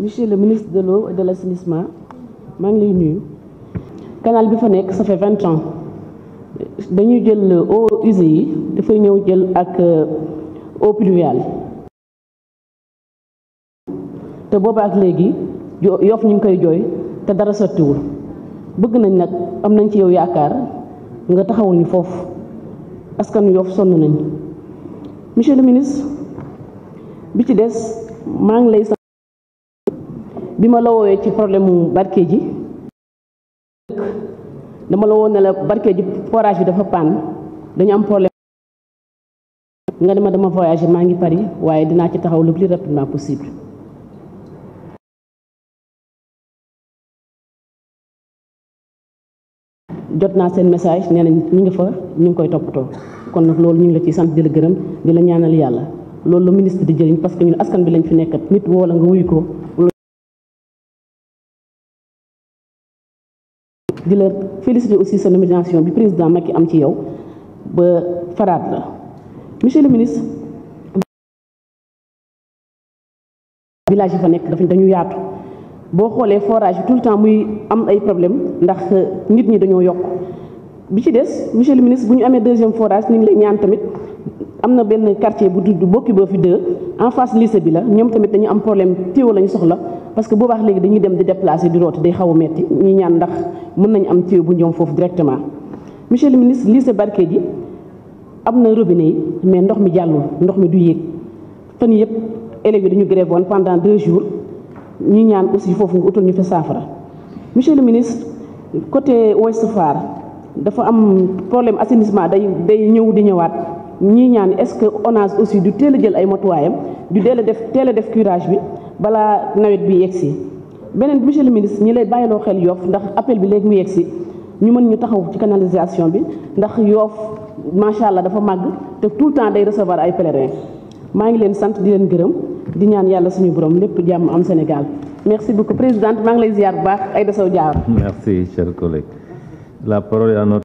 monsieur le ministre de l'eau et de l'assainissement je lay Le canal bi ça fait 20 ans dañuy jël eau usée eu jël ak avons euh, eu te ak koy eu te dara bëgg nañ am nañ ci yow nga nous nañ monsieur le ministre bi ci bi ma la woowee ci problème mu barke ji dama la woon ne ji forage bi dafa panne dañu am problème nga ne ma dama voyagé maa ngi Paris waaye dinaa ci taxaw le plus rapidement possible jot naa seen message nee nañ ñu ngi fa ñu ngi koy toppatoo kon nag loolu ñu ngi la ciy sant di la gërëm di la ñaanal yàlla loolu la ministre di jëriñ parce que askan bi lañ fi nekkat nit woo la nga wuyu ko di la féliciter aussi sa nomination du président Macky am ci yow ba la monsieur le ministre village fa nek dafa dañu yaatu bo xolé forage tout le temps muy am ay problème ndax nit ñi dañu yok bi ci des monsieur le ministre bu ñu amee deuxième forage ñu ngi lay ñaan tamit am na benn quartier bu tudd bokki boo fi deux en face lycée bi la ñoom tamit dañu am problème tuyau la ñu soxla parce que boobaax léegi dañuy dem di déplacer di rooti day xaw a metti ñuy ñaan ndax mën nañ am tuyau bu ñoom foofu directement. monsieur le ministre lycée Barké ji am na robinet yi mais ndox mi jàllul ndox mi du yéeg fan yëpp élèves dañu grève woon pendant deux jours ñu ñaan aussi foofu nga utul ñu fa saafara monsieur le ministre côté Ouest Foire dafa am problème assainissement day day ñëw di ñëwaat ñi ñaan est-ce que ONAS aussi du teel jël ay matuwaayam du teel def teel a def curage bi bala nawet bi yegg si beneen monsieur le ministre ñi lay bàyyiloo xel Yoff ndax appel bi léegi mu yegg ñu mën ñu taxaw ci canalisation bi ndax Yoff macha allah dafa màgg te tout le temps day recevoir ay pèlerins maa ngi leen sant di leen gërëm di ñaan yàlla suñu borom lépp jàmm am Sénégal merci beaucoup présidente maa ngi lay ziar bu baax Aïda Sow jaar merci cher collègue. la prole anotó